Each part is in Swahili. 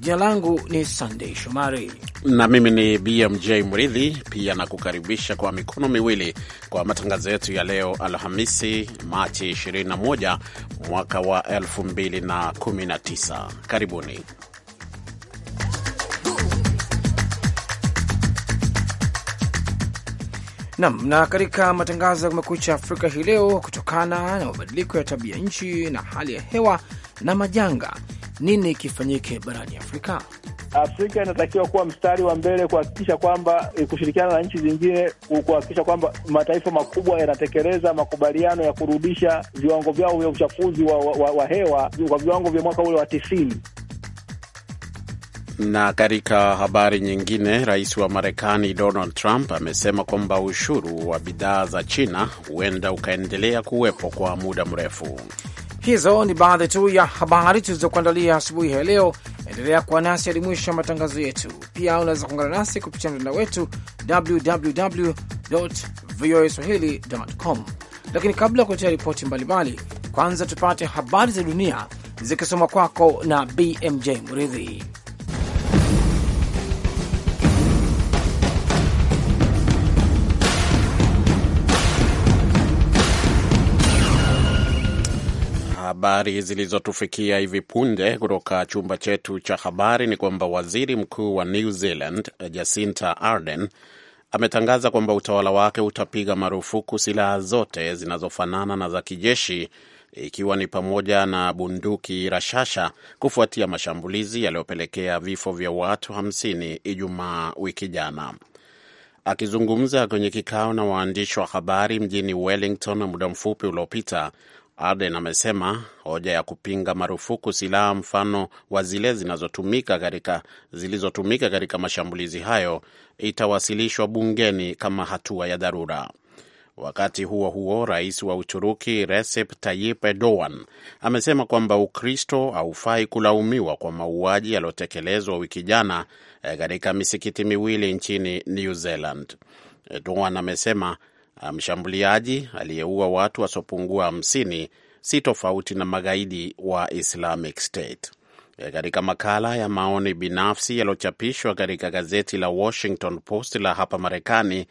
Jina langu ni Sandei Shomari na mimi ni BMJ Mridhi, pia nakukaribisha kwa mikono miwili kwa matangazo yetu ya leo Alhamisi, Machi 21 mwaka wa 2019. Karibuni. Nam na, na katika matangazo ya Kumekucha Afrika hii leo, kutokana na mabadiliko ya tabia nchi na hali ya hewa na majanga nini kifanyike barani Afrika? Afrika inatakiwa kuwa mstari wa mbele kuhakikisha kwamba eh, kushirikiana na nchi zingine kuhakikisha kwamba mataifa makubwa yanatekeleza makubaliano ya kurudisha viwango vyao vya uchafuzi wa, wa, wa hewa kwa viwango vya mwaka ule wa tisini. Na katika habari nyingine, rais wa Marekani Donald Trump amesema kwamba ushuru wa bidhaa za China huenda ukaendelea kuwepo kwa muda mrefu. Hizo ni baadhi tu ya habari tulizokuandalia asubuhi ya leo. Endelea kuwa nasi hadi mwisho ya matangazo yetu. Pia unaweza kuungana nasi kupitia mtandao wetu www voa swahili com. Lakini kabla ya kuletea ripoti mbalimbali, kwanza tupate habari za dunia zikisoma kwako na BMJ Mridhi. Habari zilizotufikia hivi punde kutoka chumba chetu cha habari ni kwamba waziri mkuu wa New Zealand Jacinta Ardern ametangaza kwamba utawala wake utapiga marufuku silaha zote zinazofanana na za kijeshi ikiwa ni pamoja na bunduki rashasha kufuatia mashambulizi yaliyopelekea vifo vya watu 50 Ijumaa wiki jana. Akizungumza kwenye kikao na waandishi wa habari mjini Wellington muda mfupi uliopita, arden amesema hoja ya kupinga marufuku silaha mfano wa zile zinazotumika katika zilizotumika katika mashambulizi hayo itawasilishwa bungeni kama hatua ya dharura. Wakati huo huo, rais wa Uturuki Recep Tayyip Erdogan amesema kwamba Ukristo haufai kulaumiwa kwa mauaji yaliyotekelezwa wiki jana eh, katika misikiti miwili nchini New Zealand. Erdogan amesema mshambuliaji aliyeua watu wasiopungua 50 si tofauti na magaidi wa Islamic State. E, katika makala ya maoni binafsi yaliyochapishwa katika gazeti la Washington Post la hapa Marekani,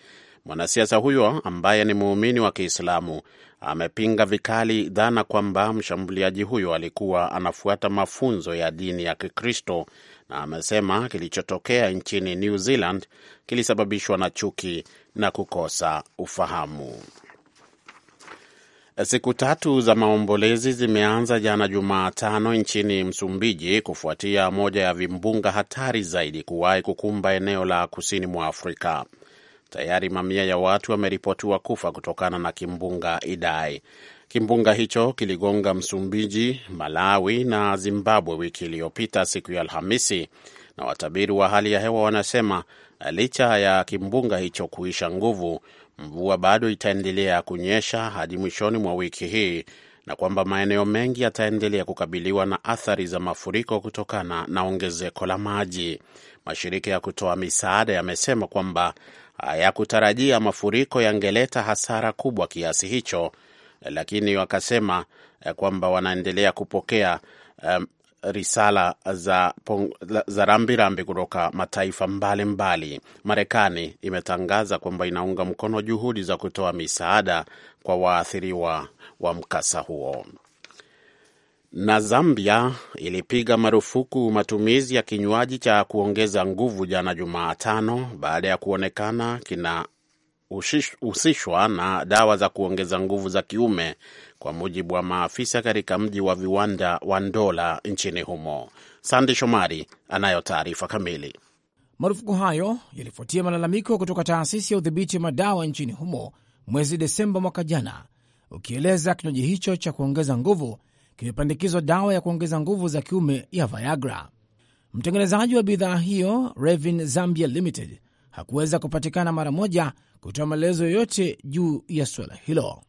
mwanasiasa huyo ambaye ni muumini wa Kiislamu amepinga vikali dhana kwamba mshambuliaji huyo alikuwa anafuata mafunzo ya dini ya Kikristo na amesema kilichotokea nchini New Zealand kilisababishwa na chuki na kukosa ufahamu. Siku tatu za maombolezi zimeanza jana Jumatano nchini Msumbiji kufuatia moja ya vimbunga hatari zaidi kuwahi kukumba eneo la kusini mwa Afrika. Tayari mamia ya watu wameripotiwa kufa kutokana na kimbunga Idai. Kimbunga hicho kiligonga Msumbiji, Malawi na Zimbabwe wiki iliyopita siku ya Alhamisi, na watabiri wa hali ya hewa wanasema licha ya kimbunga hicho kuisha nguvu, mvua bado itaendelea kunyesha hadi mwishoni mwa wiki hii na kwamba maeneo mengi yataendelea kukabiliwa na athari za mafuriko kutokana na ongezeko la maji. Mashirika ya kutoa misaada yamesema kwamba hayakutarajia mafuriko yangeleta hasara kubwa kiasi hicho lakini wakasema eh, kwamba wanaendelea kupokea um, risala za, za rambirambi kutoka mataifa mbalimbali mbali. Marekani imetangaza kwamba inaunga mkono juhudi za kutoa misaada kwa waathiriwa wa mkasa huo. Na Zambia ilipiga marufuku matumizi ya kinywaji cha kuongeza nguvu jana Jumatano baada ya kuonekana kina husishwa na dawa za kuongeza nguvu za kiume kwa mujibu wa maafisa katika mji wa viwanda wa Ndola nchini humo. Sande Shomari anayo taarifa kamili. Marufuku hayo yalifuatia malalamiko kutoka taasisi ya udhibiti wa madawa nchini humo mwezi Desemba mwaka jana, ukieleza kinywaji hicho cha kuongeza nguvu kimepandikizwa dawa ya kuongeza nguvu za kiume ya Viagra. Mtengenezaji wa bidhaa hiyo Revin Zambia Limited hakuweza kupatikana mara moja kutoa maelezo yoyote juu ya suala hilo.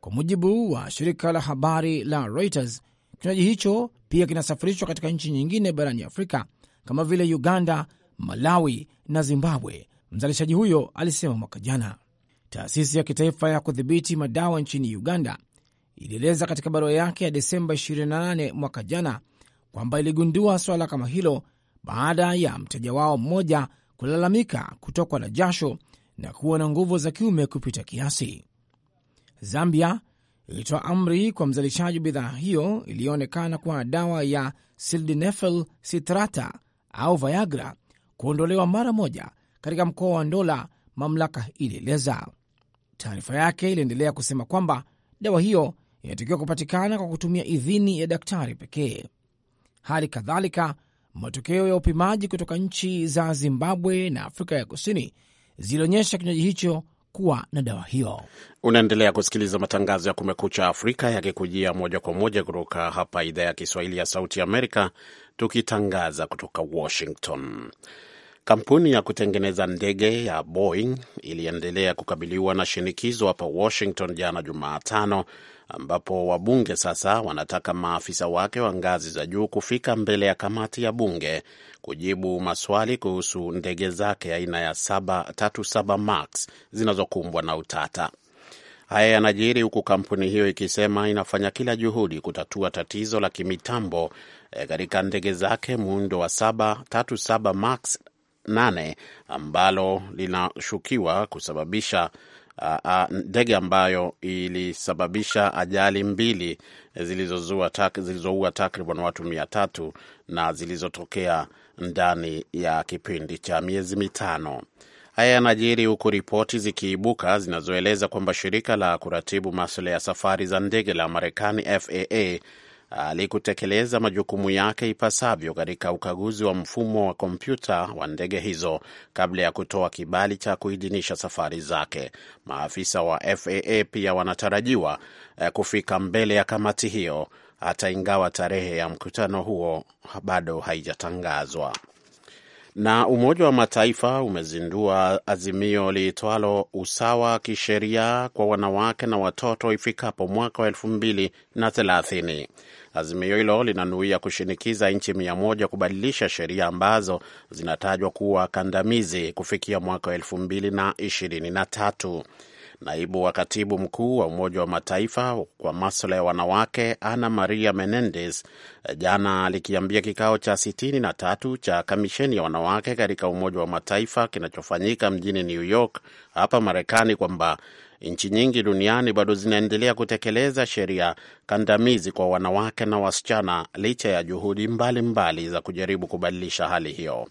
Kwa mujibu wa shirika la habari la Reuters, kinywaji hicho pia kinasafirishwa katika nchi nyingine barani Afrika kama vile Uganda, Malawi na Zimbabwe. Mzalishaji huyo alisema mwaka jana. Taasisi ya kitaifa ya kudhibiti madawa nchini Uganda ilieleza katika barua yake ya Desemba 28 mwaka jana kwamba iligundua swala kama hilo baada ya mteja wao mmoja kulalamika kutokwa na jasho na kuwa na nguvu za kiume kupita kiasi. Zambia ilitoa amri kwa mzalishaji bidhaa hiyo iliyoonekana kuwa dawa ya sildenafil sitrata au Viagra kuondolewa mara moja katika mkoa wa Ndola, mamlaka ilieleza. Taarifa yake iliendelea kusema kwamba dawa hiyo inatakiwa kupatikana kwa kutumia idhini ya daktari pekee. Hali kadhalika matokeo ya upimaji kutoka nchi za Zimbabwe na Afrika ya Kusini zilionyesha kinywaji hicho kuwa na dawa hiyo. Unaendelea kusikiliza matangazo ya Kumekucha Afrika yakikujia moja kwa moja kutoka hapa idhaa ya Kiswahili ya Sauti Amerika, tukitangaza kutoka Washington. Kampuni ya kutengeneza ndege ya Boeing iliendelea kukabiliwa na shinikizo hapa Washington jana Jumatano ambapo wabunge sasa wanataka maafisa wake wa ngazi za juu kufika mbele ya kamati ya bunge kujibu maswali kuhusu ndege zake aina ya 737 Max zinazokumbwa na utata. Haya yanajiri huku kampuni hiyo ikisema inafanya kila juhudi kutatua tatizo la kimitambo eh, katika ndege zake muundo wa 737 Max 8 ambalo linashukiwa kusababisha ndege ambayo ilisababisha ajali mbili eh, zilizoua tak, zilizo takriban watu mia tatu na zilizotokea ndani ya kipindi cha miezi mitano. Haya yanajiri huku ripoti zikiibuka zinazoeleza kwamba shirika la kuratibu maswala ya safari za ndege la Marekani FAA alikutekeleza majukumu yake ipasavyo katika ukaguzi wa mfumo wa kompyuta wa ndege hizo kabla ya kutoa kibali cha kuidhinisha safari zake. Maafisa wa FAA pia wanatarajiwa eh, kufika mbele ya kamati hiyo hata ingawa tarehe ya mkutano huo bado haijatangazwa. Na Umoja wa Mataifa umezindua azimio liitwalo usawa kisheria kwa wanawake na watoto ifikapo mwaka wa elfu mbili na thelathini. Azimio hilo linanuia kushinikiza nchi mia moja kubadilisha sheria ambazo zinatajwa kuwa kandamizi kufikia mwaka wa elfu mbili na ishirini na tatu. Naibu wa katibu mkuu wa Umoja wa Mataifa kwa maswala ya wanawake Ana Maria Menendez jana alikiambia kikao cha sitini na tatu cha kamisheni ya wanawake katika Umoja wa Mataifa kinachofanyika mjini New York hapa Marekani kwamba Nchi nyingi duniani bado zinaendelea kutekeleza sheria kandamizi kwa wanawake na wasichana licha ya juhudi mbalimbali mbali za kujaribu kubadilisha hali hiyo.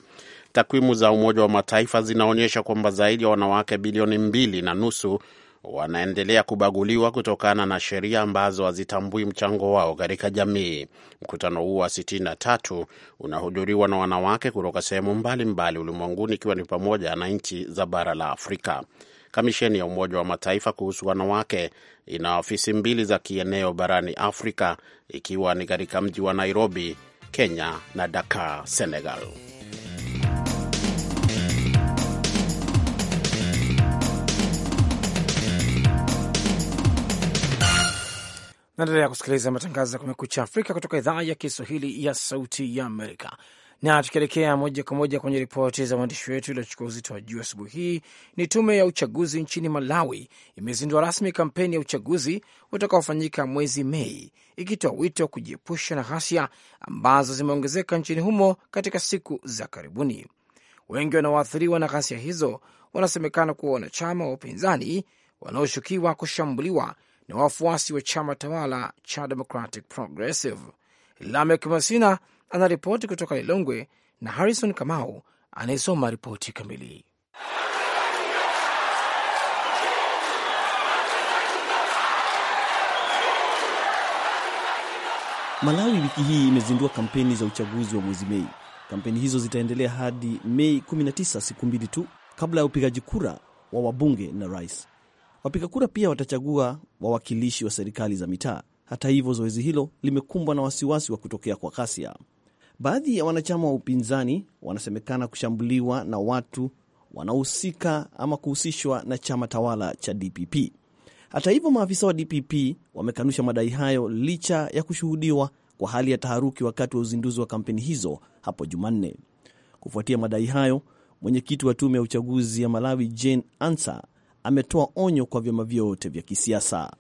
Takwimu za Umoja wa Mataifa zinaonyesha kwamba zaidi ya wanawake bilioni mbili na nusu wanaendelea kubaguliwa kutokana na sheria ambazo hazitambui mchango wao katika jamii. Mkutano huu wa 63 unahudhuriwa na wanawake kutoka sehemu mbalimbali ulimwenguni ikiwa ni pamoja na nchi za bara la Afrika. Kamisheni ya Umoja wa Mataifa kuhusu wanawake ina ofisi mbili za kieneo barani Afrika, ikiwa ni katika mji wa Nairobi, Kenya na Dakar, Senegal. Naendelea kusikiliza matangazo ya Kumekucha Afrika kutoka idhaa ya Kiswahili ya Sauti ya Amerika. Na tukielekea moja kwa moja kwenye ripoti za mwandishi wetu iliochukua uzito wa juu asubuhi hii, ni tume ya uchaguzi nchini Malawi imezindua rasmi kampeni ya uchaguzi utakaofanyika mwezi Mei, ikitoa wito kujiepusha na ghasia ambazo zimeongezeka nchini humo katika siku za karibuni. Wengi wanaoathiriwa na ghasia hizo wanasemekana kuwa wanachama wa upinzani wanaoshukiwa kushambuliwa na wafuasi wa chama tawala cha Democratic Progressive. Lamek Masina anaripoti kutoka Lilongwe na Harrison Kamau anayesoma ripoti kamili. Malawi wiki hii imezindua kampeni za uchaguzi wa mwezi Mei. Kampeni hizo zitaendelea hadi Mei 19, siku mbili tu kabla ya upigaji kura wa wabunge na rais. Wapiga kura pia watachagua wawakilishi wa serikali za mitaa. Hata hivyo, zoezi hilo limekumbwa na wasiwasi wa kutokea kwa ghasia. Baadhi ya wanachama wa upinzani wanasemekana kushambuliwa na watu wanaohusika ama kuhusishwa na chama tawala cha DPP. Hata hivyo, maafisa wa DPP wamekanusha madai hayo licha ya kushuhudiwa kwa hali ya taharuki wakati wa uzinduzi wa kampeni hizo hapo Jumanne. Kufuatia madai hayo, mwenyekiti wa tume ya uchaguzi ya Malawi Jane Ansa ametoa onyo kwa vyama vyote vya kisiasa.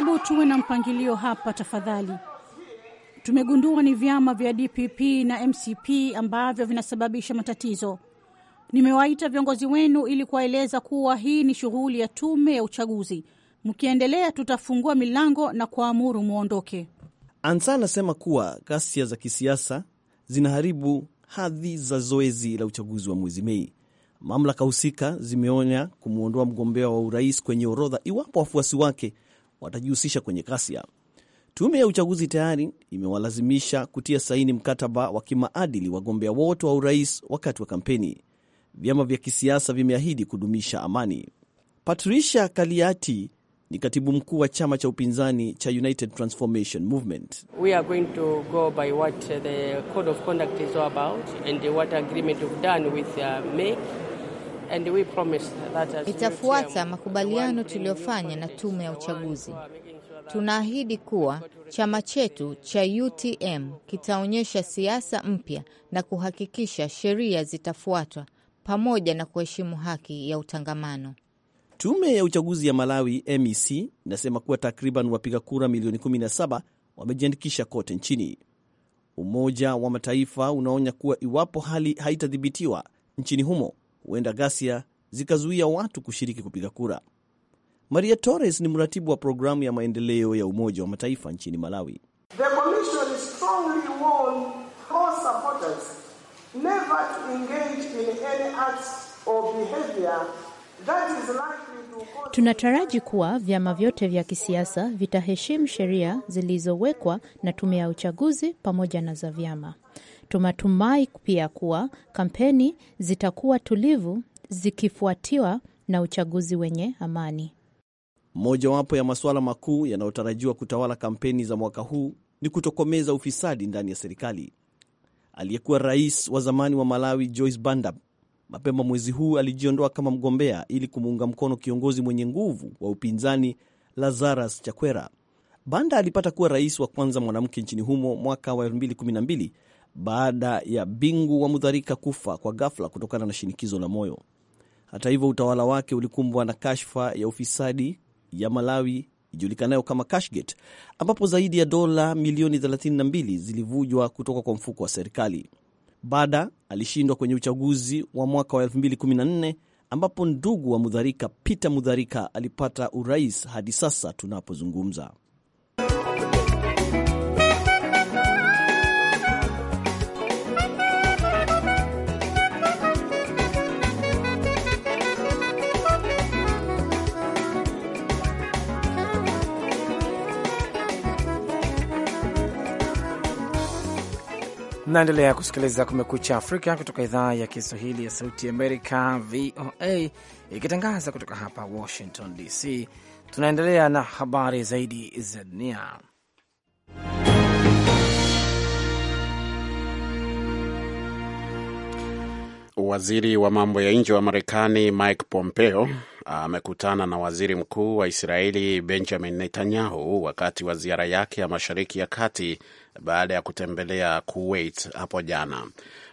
hebu tuwe na mpangilio hapa tafadhali. Tumegundua ni vyama vya DPP na MCP ambavyo vinasababisha matatizo. Nimewaita viongozi wenu ili kuwaeleza kuwa hii ni shughuli ya tume ya uchaguzi. Mkiendelea tutafungua milango na kuamuru mwondoke. Ansa anasema kuwa ghasia za kisiasa zinaharibu hadhi za zoezi la uchaguzi wa mwezi Mei. Mamlaka husika zimeonya kumwondoa mgombea wa urais kwenye orodha iwapo wafuasi wake watajihusisha kwenye ghasia. Tume ya uchaguzi tayari imewalazimisha kutia saini mkataba wa kimaadili wagombea wote wa urais wakati wa kampeni. Vyama vya kisiasa vimeahidi kudumisha amani. Patricia Kaliati ni katibu mkuu wa chama cha upinzani cha United Transformation Movement itafuata makubaliano tuliyofanya na tume ya uchaguzi. Tunaahidi kuwa chama chetu cha UTM kitaonyesha siasa mpya na kuhakikisha sheria zitafuatwa pamoja na kuheshimu haki ya utangamano. Tume ya uchaguzi ya Malawi MEC inasema kuwa takriban wapiga kura milioni 17 wamejiandikisha kote nchini. Umoja wa Mataifa unaonya kuwa iwapo hali haitadhibitiwa nchini humo huenda ghasia zikazuia watu kushiriki kupiga kura. Maria Torres ni mratibu wa programu ya maendeleo ya Umoja wa Mataifa nchini Malawi. Tunataraji kuwa vyama vyote vya kisiasa vitaheshimu sheria zilizowekwa na tume ya uchaguzi pamoja na za vyama. Tunatumai pia kuwa kampeni zitakuwa tulivu zikifuatiwa na uchaguzi wenye amani. Mojawapo ya masuala makuu yanayotarajiwa kutawala kampeni za mwaka huu ni kutokomeza ufisadi ndani ya serikali. Aliyekuwa rais wa zamani wa Malawi Joyce Banda mapema mwezi huu alijiondoa kama mgombea ili kumuunga mkono kiongozi mwenye nguvu wa upinzani Lazarus Chakwera. Banda alipata kuwa rais wa kwanza mwanamke nchini humo mwaka wa 2012 baada ya Bingu wa Mudharika kufa kwa ghafla kutokana na shinikizo la moyo. Hata hivyo, utawala wake ulikumbwa na kashfa ya ufisadi ya Malawi ijulikanayo kama Cashgate, ambapo zaidi ya dola milioni 32 zilivujwa kutoka kwa mfuko wa serikali. Bada alishindwa kwenye uchaguzi wa mwaka wa 2014 ambapo ndugu wa Mudharika Peter Mudharika alipata urais hadi sasa tunapozungumza. Naendelea kusikiliza Kumekucha Afrika kutoka idhaa ya Kiswahili ya Sauti Amerika, VOA, ikitangaza kutoka hapa Washington DC. Tunaendelea na habari zaidi za dunia. Waziri wa mambo ya nje wa Marekani Mike Pompeo amekutana na waziri mkuu wa Israeli Benjamin Netanyahu wakati wa ziara yake ya Mashariki ya Kati baada ya kutembelea Kuwait hapo jana.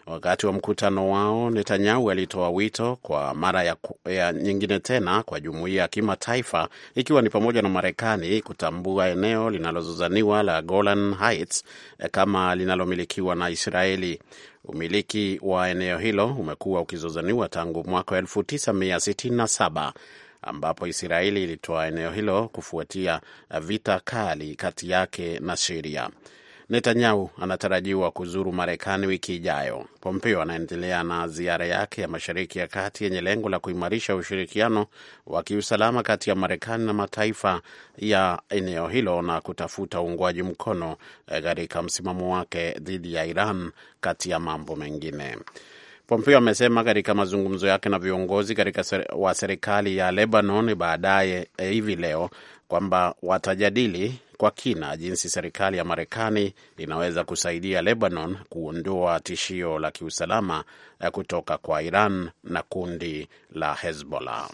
Wakati wa mkutano wao, Netanyahu alitoa wito kwa mara ya, ya nyingine tena kwa jumuiya ya kimataifa ikiwa ni pamoja na Marekani kutambua eneo linalozozaniwa la Golan Heights eh, kama linalomilikiwa na Israeli. Umiliki wa eneo hilo umekuwa ukizozaniwa tangu mwaka 1967 ambapo Israeli ilitoa eneo hilo kufuatia vita kali kati yake na Siria. Netanyahu anatarajiwa kuzuru Marekani wiki ijayo. Pompeo anaendelea na ziara yake ya Mashariki ya Kati yenye lengo la kuimarisha ushirikiano wa kiusalama kati ya Marekani na mataifa ya eneo hilo na kutafuta uungwaji mkono eh, katika msimamo wake dhidi ya Iran, kati ya mambo mengine. Pompeo amesema katika mazungumzo yake na viongozi katika wa serikali ya Lebanon baadaye eh, hivi leo kwamba watajadili kwa kina jinsi serikali ya Marekani inaweza kusaidia Lebanon kuondoa tishio la kiusalama eh, kutoka kwa Iran na kundi la Hezbollah.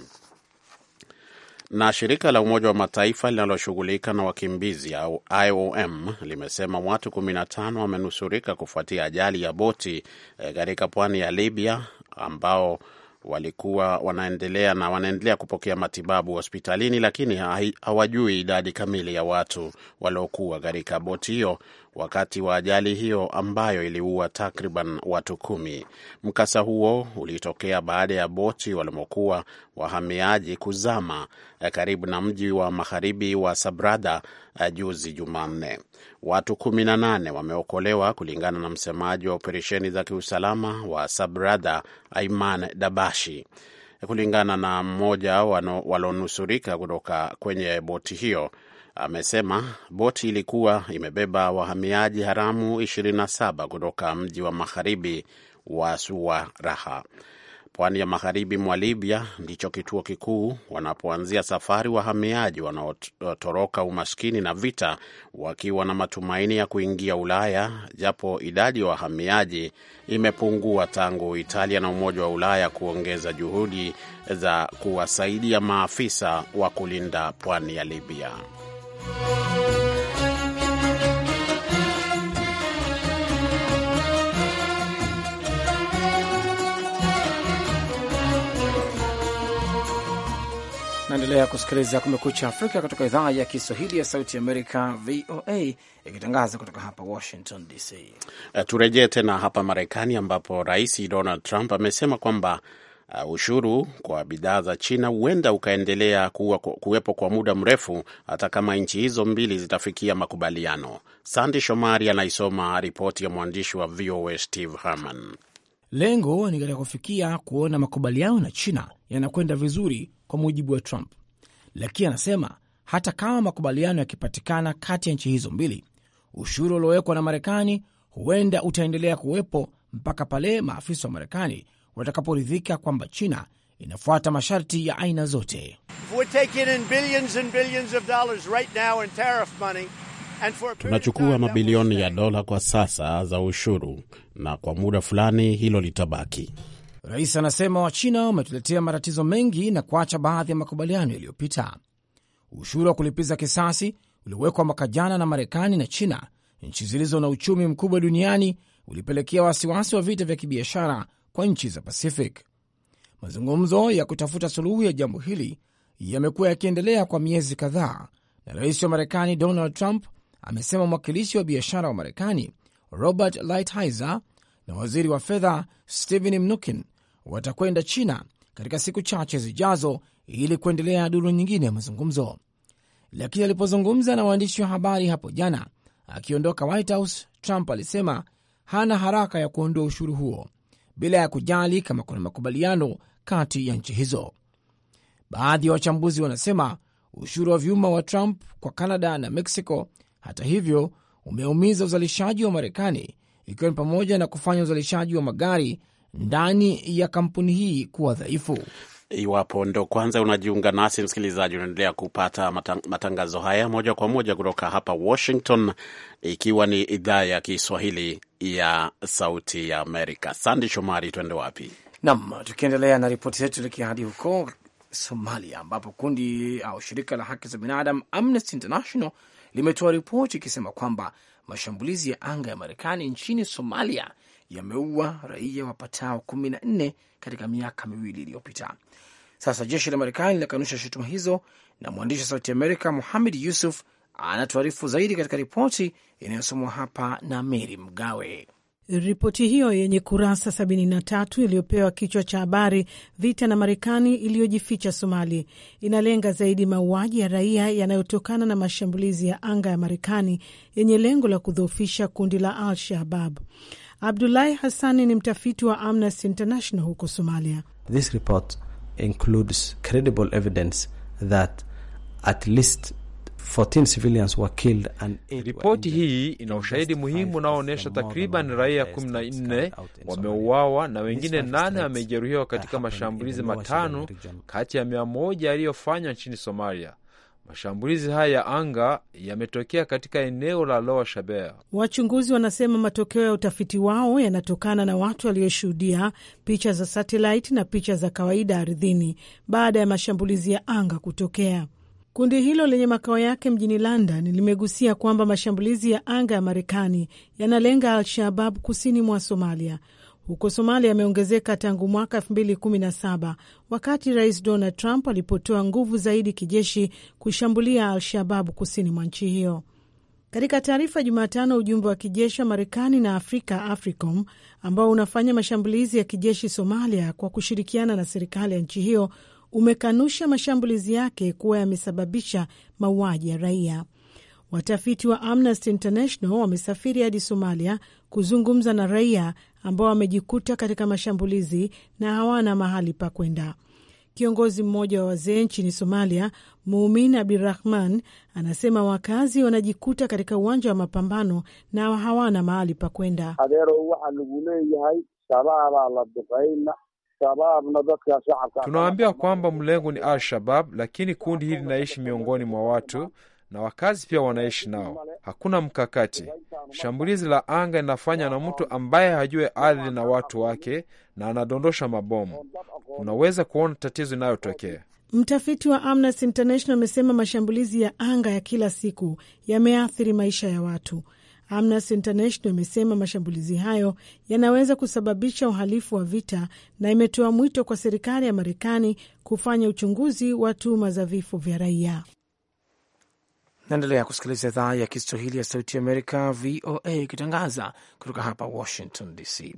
Na shirika la Umoja wa Mataifa linaloshughulika na wakimbizi au IOM limesema watu 15 wamenusurika kufuatia ajali ya boti eh, katika pwani ya Libya ambao walikuwa wanaendelea na wanaendelea kupokea matibabu hospitalini, lakini hawajui idadi kamili ya watu waliokuwa katika boti hiyo wakati wa ajali hiyo ambayo iliua takriban watu kumi. Mkasa huo ulitokea baada ya boti walimokuwa wahamiaji kuzama eh, karibu na mji wa magharibi wa Sabrada eh, juzi Jumanne. Watu kumi na nane wameokolewa kulingana na msemaji wa operesheni za kiusalama wa Sabrada, Aiman Dabashi. Kulingana na mmoja walonusurika kutoka kwenye boti hiyo, amesema boti ilikuwa imebeba wahamiaji haramu 27 kutoka mji wa magharibi wa Suwaraha. Pwani ya magharibi mwa Libya ndicho kituo kikuu wanapoanzia safari wahamiaji wanaotoroka umaskini na vita, wakiwa na matumaini ya kuingia Ulaya, japo idadi ya wahamiaji imepungua tangu Italia na Umoja wa Ulaya kuongeza juhudi za kuwasaidia maafisa wa kulinda pwani ya Libya. Naendelea kusikiliza Kumekucha Afrika kutoka idhaa ya Kiswahili ya Sauti Amerika, VOA, ikitangaza kutoka hapa Washington DC. Eh, turejee tena hapa Marekani, ambapo Rais Donald Trump amesema kwamba Uh, ushuru kwa bidhaa za China huenda ukaendelea kuwa, kuwepo kwa muda mrefu hata kama nchi hizo mbili zitafikia makubaliano. Sandi Shomari anaisoma ripoti ya mwandishi wa VOA Steve Herman. Lengo ni katika kufikia kuona makubaliano na China yanakwenda vizuri, kwa mujibu wa Trump, lakini anasema hata kama makubaliano yakipatikana kati ya nchi hizo mbili, ushuru uliowekwa na Marekani huenda utaendelea kuwepo mpaka pale maafisa wa Marekani watakaporidhika kwamba China inafuata masharti ya aina zote. Tunachukua mabilioni ya dola kwa sasa za ushuru, na kwa muda fulani hilo litabaki. Rais anasema Wachina wametuletea matatizo mengi na kuacha baadhi ya makubaliano yaliyopita. Ushuru wa kulipiza kisasi uliowekwa mwaka jana na Marekani na China, nchi zilizo na uchumi mkubwa duniani, ulipelekea wasiwasi wa vita vya kibiashara kwa nchi za Pacific. Mazungumzo ya kutafuta suluhu ya jambo hili yamekuwa yakiendelea kwa miezi kadhaa, na rais wa Marekani Donald Trump amesema mwakilishi wa biashara wa Marekani Robert Lighthizer na waziri wa fedha Steven Mnuchin watakwenda China katika siku chache zijazo ili kuendelea duru nyingine ya mazungumzo. Lakini alipozungumza na waandishi wa habari hapo jana akiondoka White House, Trump alisema hana haraka ya kuondoa ushuru huo bila ya kujali kama kuna makubaliano kati ya nchi hizo. Baadhi ya wa wachambuzi wanasema ushuru wa vyuma wa Trump kwa Canada na Mexico, hata hivyo, umeumiza uzalishaji wa Marekani, ikiwa ni pamoja na kufanya uzalishaji wa magari ndani ya kampuni hii kuwa dhaifu. Iwapo ndo kwanza unajiunga nasi, msikilizaji, unaendelea kupata matangazo haya moja kwa moja kutoka hapa Washington, ikiwa ni idhaa ya Kiswahili ya Sauti ya Amerika. Sandi Shomari, tuende wapi? Nam, tukiendelea na ripoti zetu, tuelekea hadi huko Somalia ambapo kundi au shirika la haki za binadamu Amnesty International limetoa ripoti ikisema kwamba mashambulizi ya anga ya Marekani nchini Somalia yameua raia wapatao kumi na nne katika miaka miwili iliyopita. Sasa jeshi la Marekani linakanusha shutuma hizo, na mwandishi wa Sauti Amerika Muhamed Yusuf anatuarifu zaidi katika ripoti inayosomwa hapa na Meri Mgawe. Ripoti hiyo yenye kurasa 73 iliyopewa kichwa cha habari vita na Marekani iliyojificha Somali inalenga zaidi mauaji ya raia yanayotokana na mashambulizi ya anga ya Marekani yenye lengo la kudhoofisha kundi la Al Shabaab. Abdulahi Hassani ni mtafiti wa Amnesty International huko Somalia. This report includes credible evidence that at least 14 civilians were killed and ripoti hii ina ushahidi muhimu unaoonyesha takriban raia 14 wameuawa na wengine nane wamejeruhiwa katika mashambulizi matano kati ya mia moja yaliyofanywa nchini Somalia. Mashambulizi haya ya anga yametokea katika eneo la Lower Shabelle. Wachunguzi wanasema matokeo ya utafiti wao yanatokana na watu walioshuhudia picha za satelaiti na picha za kawaida ardhini baada ya mashambulizi ya anga kutokea. Kundi hilo lenye makao yake mjini London limegusia kwamba mashambulizi ya anga ya Marekani yanalenga Al-Shabab kusini mwa Somalia, huko Somalia yameongezeka tangu mwaka 2017 wakati Rais Donald Trump alipotoa nguvu zaidi kijeshi kushambulia Al-Shababu kusini mwa nchi hiyo. Katika taarifa Jumatano, ujumbe wa kijeshi wa Marekani na Afrika, AFRICOM, ambao unafanya mashambulizi ya kijeshi Somalia kwa kushirikiana na serikali ya nchi hiyo umekanusha mashambulizi yake kuwa yamesababisha mauaji ya raia. Watafiti wa Amnesty International wamesafiri hadi Somalia kuzungumza na raia ambao wamejikuta katika mashambulizi na hawana mahali pa kwenda. Kiongozi mmoja wa wazee nchini Somalia, Muumin rahman anasema wakazi wanajikuta katika uwanja wa mapambano na hawana mahali pa kwenda. Tunawaambia kwamba mlengo ni Al-Shabab, lakini kundi hili linaishi miongoni mwa watu na wakazi pia wanaishi nao. Hakuna mkakati. Shambulizi la anga linafanywa na mtu ambaye hajue ardhi na watu wake, na anadondosha mabomu. Unaweza kuona tatizo inayotokea. Mtafiti wa Amnesty International amesema mashambulizi ya anga ya kila siku yameathiri maisha ya watu. Amnesty International imesema mashambulizi hayo yanaweza kusababisha uhalifu wa vita na imetoa mwito kwa serikali ya Marekani kufanya uchunguzi wa tuhuma za vifo vya raia. Naendelea kusikiliza idhaa ya Kiswahili ya Sauti Amerika, VOA, ikitangaza kutoka hapa Washington DC.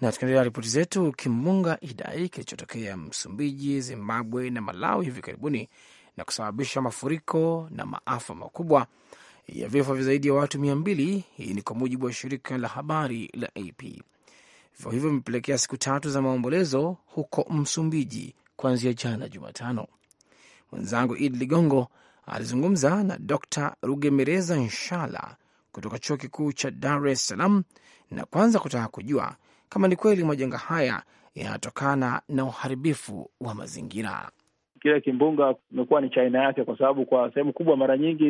Na tukiendelea ripoti zetu, kimbunga Idai kilichotokea Msumbiji, Zimbabwe na Malawi hivi karibuni na kusababisha mafuriko na maafa makubwa ya vifo vya zaidi ya watu mia mbili. Hii ni kwa mujibu wa shirika la habari la AP. Vifo hivyo vimepelekea siku tatu za maombolezo huko Msumbiji kuanzia jana Jumatano. Mwenzangu id Ligongo alizungumza na Dr Rugemereza Nshala kutoka chuo kikuu cha Dar es Salaam na kwanza kutaka kujua kama ni kweli majanga haya yanatokana na uharibifu wa mazingira. Kile kimbunga imekuwa ni chaina yake, kwa sababu kwa sehemu kubwa mara nyingi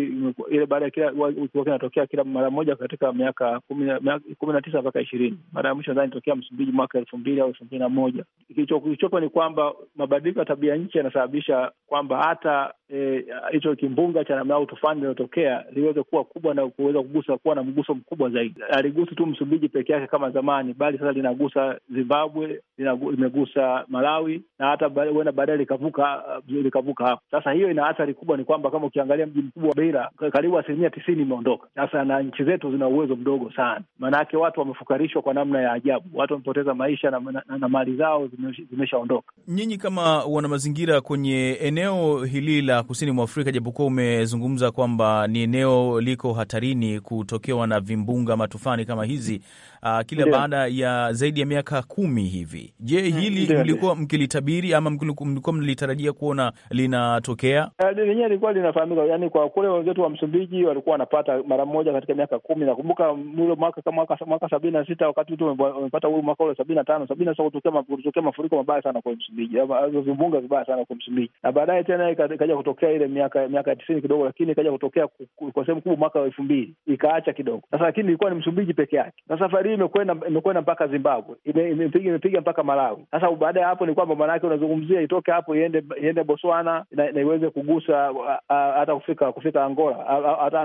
ile baada ya kila huwa kinatokea kila mara moja katika miaka kumi na tisa mpaka ishirini. Mara ya mwisho nadhani ilitokea Msumbiji mwaka elfu mbili au elfu mbili na moja. Kilichopo ni kwamba mabadiliko ya tabia nchi yanasababisha kwamba hata E, hicho e, kimbunga cha namna au tufani linalotokea liweze kuwa kubwa na kuweza kugusa kuwa na mguso mkubwa zaidi. Aligusi tu Msumbiji peke yake kama zamani, bali sasa linagusa Zimbabwe, limegusa Malawi na hata huenda baadaye likavuka uh, likavuka hapo. Sasa hiyo ina athari kubwa, ni kwamba kama ukiangalia mji mkubwa wa Beira, karibu asilimia tisini imeondoka sasa, na nchi zetu zina uwezo mdogo sana. Maanake watu wamefukarishwa kwa namna ya ajabu, watu wamepoteza maisha na, na, na, na mali zao zimeshaondoka. Nyinyi kama wana mazingira kwenye eneo hili la kusini mwa Afrika, japokuwa umezungumza kwamba ni eneo liko hatarini kutokewa na vimbunga matufani kama hizi, uh, ah, kila baada ya zaidi ya miaka kumi hivi. Je, mm, hili yeah, mlikuwa mkilitabiri ama mlikuwa mnalitarajia kuona linatokea? Ah, lenyewe lilikuwa linafahamika, yani kwa kule wenzetu wa Msumbiji walikuwa wanapata mara moja katika miaka kumi. Nakumbuka ule mwaka mwaka sabini na sita wakati tu wamepata huru mwaka ule sabini na tano sabini na sita kutokea mafuriko mabaya sana kwa Msumbiji, vimbunga vibaya sana kwa Msumbiji, na baadaye tena ikaja kutokea ile miaka miaka ya tisini kidogo, lakini ikaja kutokea kwa sehemu kubwa mwaka wa elfu mbili ikaacha kidogo sasa, lakini ilikuwa ni Msumbiji peke yake na safari hii imekwenda imekwenda mpaka Zimbabwe, imepiga imepiga mpaka Malawi. Sasa baada ya hapo ni kwamba maanake unazungumzia itoke hapo iende iende Botswana na, na iweze kugusa hata kufika kufika Angola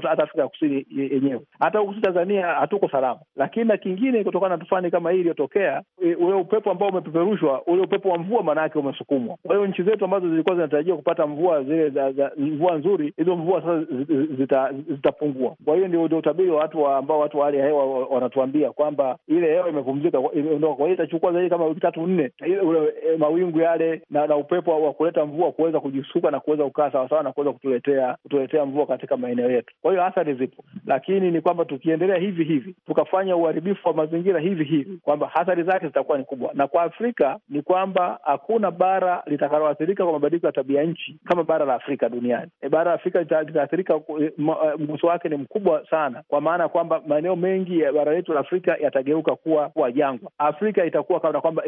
hata Afrika ya Kusini yenyewe. Hata huku Tanzania hatuko salama, lakini na kingine kutokana na tufani kama hii iliyotokea, e, ule upepo ambao umepeperushwa, ule upepo wa mvua maanake umesukumwa. Kwa hiyo nchi zetu ambazo zilikuwa zinatarajiwa kupata mvua zile za, za mvua nzuri, hizo mvua sasa zitapungua zita, zita. Kwa hiyo ndio utabiri wa watu ambao watu wa hali ya hewa wanatuambia kwamba kwamba ile hewa imepumzika, imeondoka. Kwa hiyo itachukua zaidi kama wiki tatu nne, e, mawingu yale na, na upepo wa kuleta mvua kuweza kujisuka na kuweza kukaa sawasawa na kuweza kutuletea kutuletea mvua katika maeneo yetu. Kwa hiyo athari zipo, lakini ni kwamba tukiendelea hivi hivi tukafanya uharibifu wa mazingira hivi hivi, kwamba athari zake zitakuwa ni kubwa. Na kwa Afrika ni kwamba hakuna bara litakaloathirika kwa mabadiliko ya tabia nchi kama bara la Afrika duniani. E, bara la Afrika litaathirika, e, e, mguso wake ni mkubwa sana, kwa maana ya kwamba maeneo mengi ya bara letu la Afrika yatageuka kuwa wa jangwa. Afrika itakuwa kana kwamba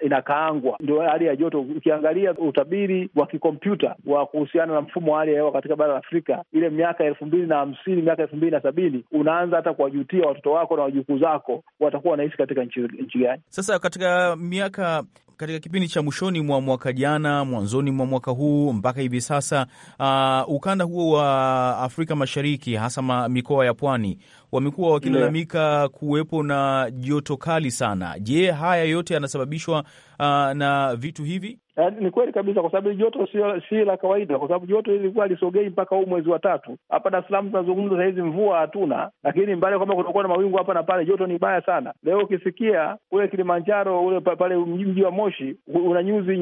inakaangwa, ndio hali ya joto. Ukiangalia utabiri wa kikompyuta wa kuhusiana na mfumo wa hali ya hewa katika bara la Afrika, ile miaka elfu mbili na hamsini miaka elfu mbili na sabini unaanza hata kuwajutia watoto wako na wajukuu zako watakuwa wanaishi katika nchi gani? Sasa katika miaka katika kipindi cha mwishoni mwa mwaka jana, mwanzoni mwa mwaka huu mpaka hivi sasa, uh, ukanda huo wa Afrika Mashariki, hasa mikoa ya pwani, wamekuwa wakilalamika kuwepo na joto kali sana. Je, haya yote yanasababishwa uh, na vitu hivi? Eh, ni kweli kabisa, kwa sababu joto sio si la kawaida, kwa sababu joto ilikuwa lisogei mpaka huu mwezi wa tatu. Hapa Dar es Salaam tunazungumza hizi mvua hatuna, lakini mbali kwamba kutakuwa na mawingu hapa na pale, joto ni baya sana. Leo ukisikia ule Kilimanjaro ule pale mji wa Moshi una nyuzi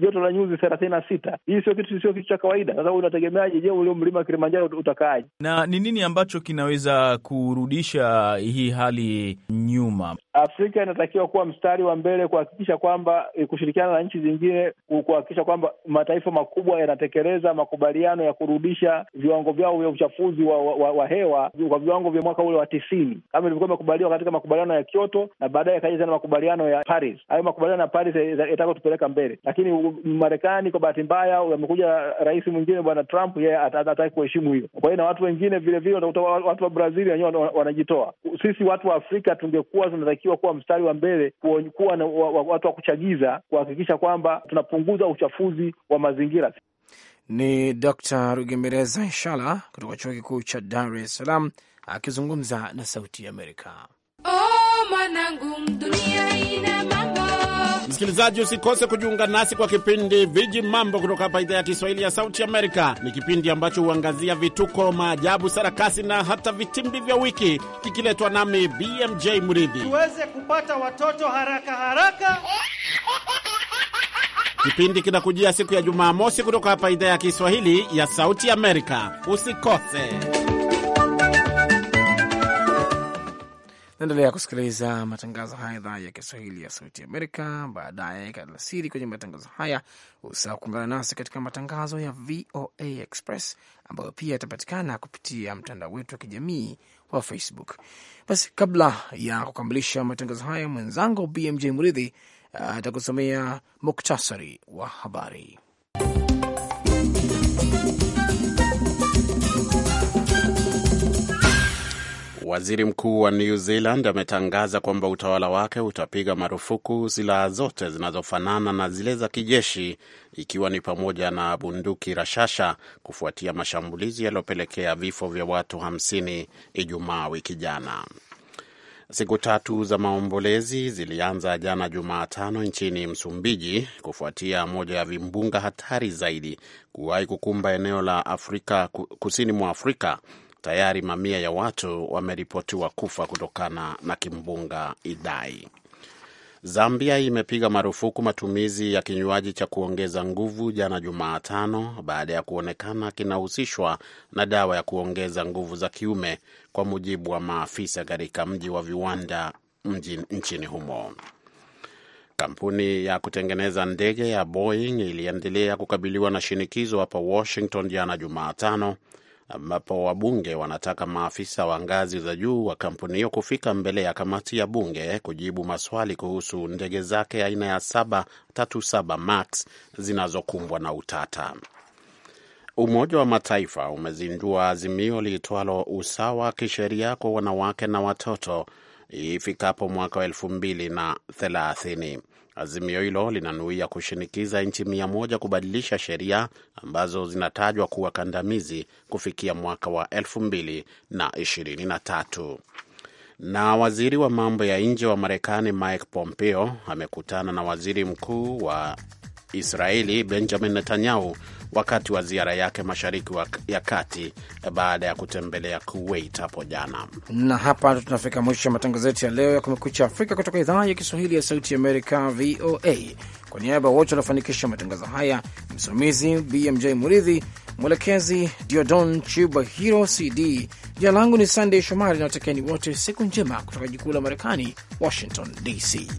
joto la nyuzi thelathini na sita. Hii sio kitu sio kitu cha kawaida. Sasa unategemeaje? Je, ule mlima Kilimanjaro utakaaje? Na ni nini ambacho kinaweza kurudisha hii hali nyuma? Afrika inatakiwa kuwa mstari wa mbele kuhakikisha kwamba eh, kushirikiana na nchi zingine kuhakikisha kwamba mataifa makubwa yanatekeleza makubaliano ya kurudisha viwango vyao vya uchafuzi wa, wa, wa, wa hewa kwa viwango vya mwaka ule wa tisini kama ilivyokuwa imekubaliwa katika makubaliano ya Kyoto na baadaye yakaja tena makubaliano ya Paris. Hayo makubaliano ya Paris yataka kutupeleka mbele, lakini Marekani kwa bahati mbaya amekuja rais mwingine bwana Trump, yeye hataki kuheshimu hiyo. Kwa hiyo na watu wengine vilevile watu wa Brazil wenyewe wanajitoa. Sisi watu wa Afrika tungekuwa tunatakiwa kuwa mstari wa mbele, kuwa na watu wa kuchagiza kuhakikisha kwamba tuna tunapunguza uchafuzi wa mazingira. Ni Dr. Rugemereza Nshala kutoka chuo kikuu cha Dar es Salaam akizungumza na Sauti ya Amerika. Oh, msikilizaji usikose kujiunga nasi kwa kipindi Viji Mambo kutoka hapa idhaa ya Kiswahili ya Sauti Amerika. Ni kipindi ambacho huangazia vituko, maajabu, sarakasi na hata vitimbi vya wiki, kikiletwa nami BMJ Mridhi tuweze kupata watoto haraka haraka Kipindi kinakujia siku ya Jumamosi kutoka hapa idhaa ya Kiswahili ya Sauti Amerika. Usikose. Naendelea kusikiliza matangazo haya idhaa ya Kiswahili ya Sauti Amerika. Baadaye kalasiri kwenye matangazo haya, usahau kuungana nasi katika matangazo ya VOA Express ambayo pia yatapatikana kupitia mtandao wetu wa kijamii wa Facebook. Basi kabla ya kukamilisha matangazo haya, mwenzangu BMJ mridhi atakusomea muktasari wa habari. Waziri mkuu wa New Zealand ametangaza kwamba utawala wake utapiga marufuku silaha zote zinazofanana na zile za kijeshi ikiwa ni pamoja na bunduki rashasha kufuatia mashambulizi yaliyopelekea vifo vya watu 50 Ijumaa wiki jana. Siku tatu za maombolezi zilianza jana Jumatano nchini Msumbiji kufuatia moja ya vimbunga hatari zaidi kuwahi kukumba eneo la Afrika kusini mwa Afrika. Tayari mamia ya watu wameripotiwa kufa kutokana na kimbunga Idai. Zambia imepiga marufuku matumizi ya kinywaji cha kuongeza nguvu jana Jumatano, baada ya kuonekana kinahusishwa na dawa ya kuongeza nguvu za kiume, kwa mujibu wa maafisa katika mji wa viwanda mji nchini humo. Kampuni ya kutengeneza ndege ya Boeing iliendelea kukabiliwa na shinikizo hapa Washington jana Jumatano ambapo wabunge wanataka maafisa wa ngazi za juu wa kampuni hiyo kufika mbele ya kamati ya bunge kujibu maswali kuhusu ndege zake aina ya 737 Max zinazokumbwa na utata. Umoja wa Mataifa umezindua azimio liitwalo usawa kisheria kwa wanawake na watoto ifikapo mwaka wa elfu mbili na thelathini. Azimio hilo linanuia kushinikiza nchi mia moja kubadilisha sheria ambazo zinatajwa kuwa kandamizi kufikia mwaka wa elfu mbili na ishirini na tatu. Na waziri wa mambo ya nje wa Marekani Mike Pompeo amekutana na waziri mkuu wa Israeli Benjamin Netanyahu wakati wa ziara yake mashariki ya kati baada ya kutembelea Kuwait hapo jana. Na hapa ndo tunafika mwisho ya matangazo yetu ya leo ya Kumekucha Afrika kutoka idhaa ya Kiswahili ya Sauti Amerika, VOA. Kwa niaba ya wote wanafanikisha matangazo haya, msimamizi BMJ Muridhi, mwelekezi Diodon Chuba Hiro CD. Jina langu ni Sandey Shomari na watakieni wote siku njema kutoka jikuu la Marekani, Washington DC.